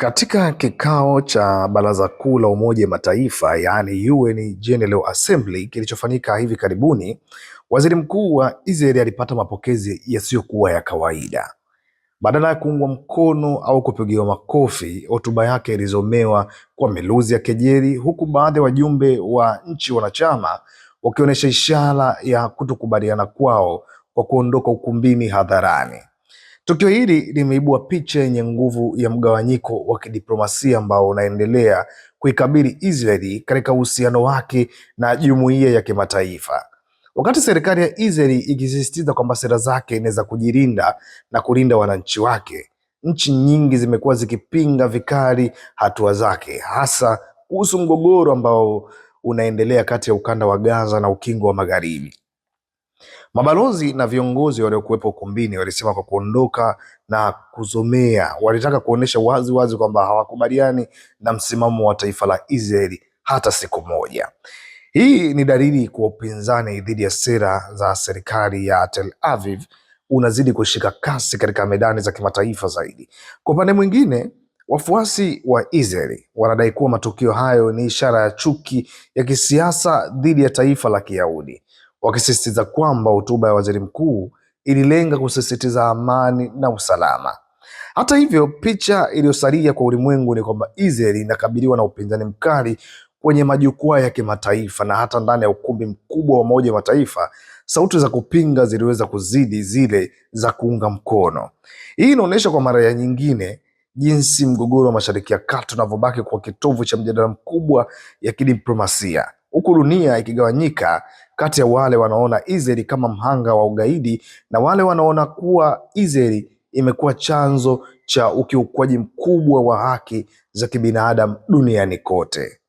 Katika kikao cha Baraza Kuu la Umoja Mataifa yaani UN General Assembly kilichofanyika hivi karibuni, Waziri Mkuu wa Israel alipata mapokezi yasiyokuwa ya kawaida. Badala ya kuungwa mkono au kupigiwa makofi, hotuba yake ilizomewa kwa miluzi ya kejeli, huku baadhi ya wajumbe wa nchi wanachama wakionyesha ishara ya kutokubaliana kwao kwa kuondoka ukumbini hadharani. Tukio hili limeibua picha yenye nguvu ya mgawanyiko wa kidiplomasia ambao unaendelea kuikabili Israeli katika uhusiano wake na jumuiya ya kimataifa, wakati serikali ya Israeli ikisisitiza kwamba sera zake ni za kujilinda na kulinda wananchi wake. Nchi nyingi zimekuwa zikipinga vikali hatua zake, hasa kuhusu mgogoro ambao unaendelea kati ya ukanda wa Gaza na ukingo wa Magharibi. Mabalozi na viongozi waliokuwepo ukumbini walisema kwa kuondoka na kuzomea, walitaka kuonyesha wazi wazi kwamba hawakubaliani na msimamo wa taifa la Israeli hata siku moja. Hii ni dalili kwa upinzani dhidi ya sera za serikali ya Tel Aviv unazidi kushika kasi katika medani za kimataifa zaidi. Kwa upande mwingine, wafuasi wa Israeli wanadai kuwa matukio hayo ni ishara ya chuki ya kisiasa dhidi ya taifa la Kiyahudi wakisisitiza kwamba hotuba ya waziri mkuu ililenga kusisitiza amani na usalama. Hata hivyo, picha iliyosalia kwa ulimwengu ni kwamba Israel inakabiliwa na upinzani mkali kwenye majukwaa ya kimataifa na hata ndani ya ukumbi mkubwa wa Umoja wa Mataifa, sauti za kupinga ziliweza kuzidi zile za kuunga mkono. Hii inaonyesha kwa mara ya nyingine jinsi mgogoro wa Mashariki ya Kati unavyobaki kwa kitovu cha mjadala mkubwa ya kidiplomasia huku dunia ikigawanyika kati ya wale wanaona Israeli kama mhanga wa ugaidi na wale wanaona kuwa Israeli imekuwa chanzo cha ukiukwaji mkubwa wa haki za kibinadamu duniani kote.